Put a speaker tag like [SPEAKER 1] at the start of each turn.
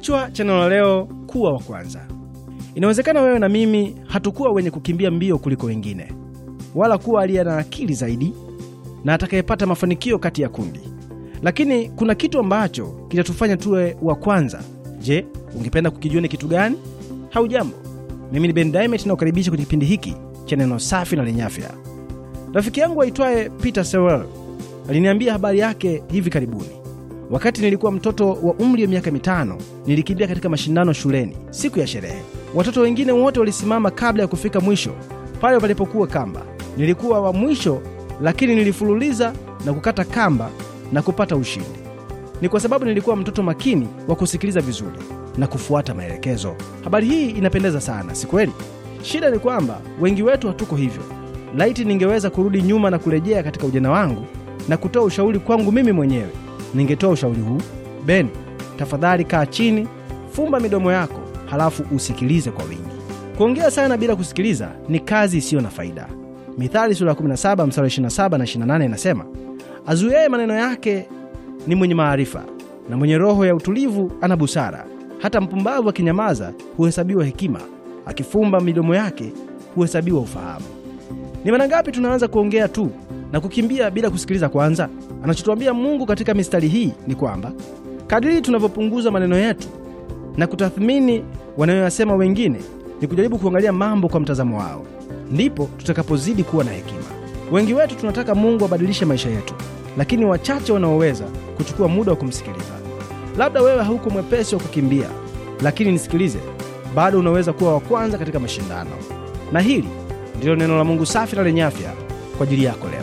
[SPEAKER 1] Kichwa cha neno leo, kuwa wa kwanza. Inawezekana wewe na mimi hatukuwa wenye kukimbia mbio kuliko wengine, wala kuwa aliye na akili zaidi na atakayepata mafanikio kati ya kundi, lakini kuna kitu ambacho kinatufanya tuwe wa kwanza. Je, ungependa kukijua ni kitu gani? Haujambo, mimi ni Ben Diamond na kukaribisha kwenye kipindi hiki cha neno safi na lenye afya. Rafiki yangu aitwaye Peter Sewell aliniambia habari yake hivi karibuni Wakati nilikuwa mtoto wa umri wa miaka mitano, nilikimbia katika mashindano shuleni siku ya sherehe. Watoto wengine wote walisimama kabla ya kufika mwisho pale palipokuwa kamba. Nilikuwa wa mwisho, lakini nilifululiza na kukata kamba na kupata ushindi. Ni kwa sababu nilikuwa mtoto makini wa kusikiliza vizuri na kufuata maelekezo. Habari hii inapendeza sana, si kweli? Shida ni kwamba wengi wetu hatuko hivyo. Laiti ningeweza kurudi nyuma na kurejea katika ujana wangu na kutoa ushauri kwangu mimi mwenyewe ningetoa ushauri huu: Ben, tafadhali kaa chini, fumba midomo yako, halafu usikilize kwa wingi. Kuongea sana bila kusikiliza ni kazi isiyo na faida. Mithali sura 17 msar 27 na 28 inasema, azuiaye maneno yake ni mwenye maarifa, na mwenye roho ya utulivu ana busara. Hata mpumbavu akinyamaza huhesabiwa hekima, akifumba midomo yake huhesabiwa ufahamu. Ni mara ngapi tunaanza kuongea tu na kukimbia bila kusikiliza kwanza? Anachotuambia Mungu katika mistari hii ni kwamba kadiri tunavyopunguza maneno yetu na kutathmini wanayoyasema wengine, ni kujaribu kuangalia mambo kwa mtazamo wao, ndipo tutakapozidi kuwa na hekima. Wengi wetu tunataka Mungu abadilishe maisha yetu, lakini wachache wanaoweza kuchukua muda wa kumsikiliza. Labda wewe hauko mwepesi wa kukimbia, lakini nisikilize, bado unaweza kuwa wa kwanza katika mashindano. Na hili ndilo neno la Mungu safi na lenye afya kwa ajili yako leo.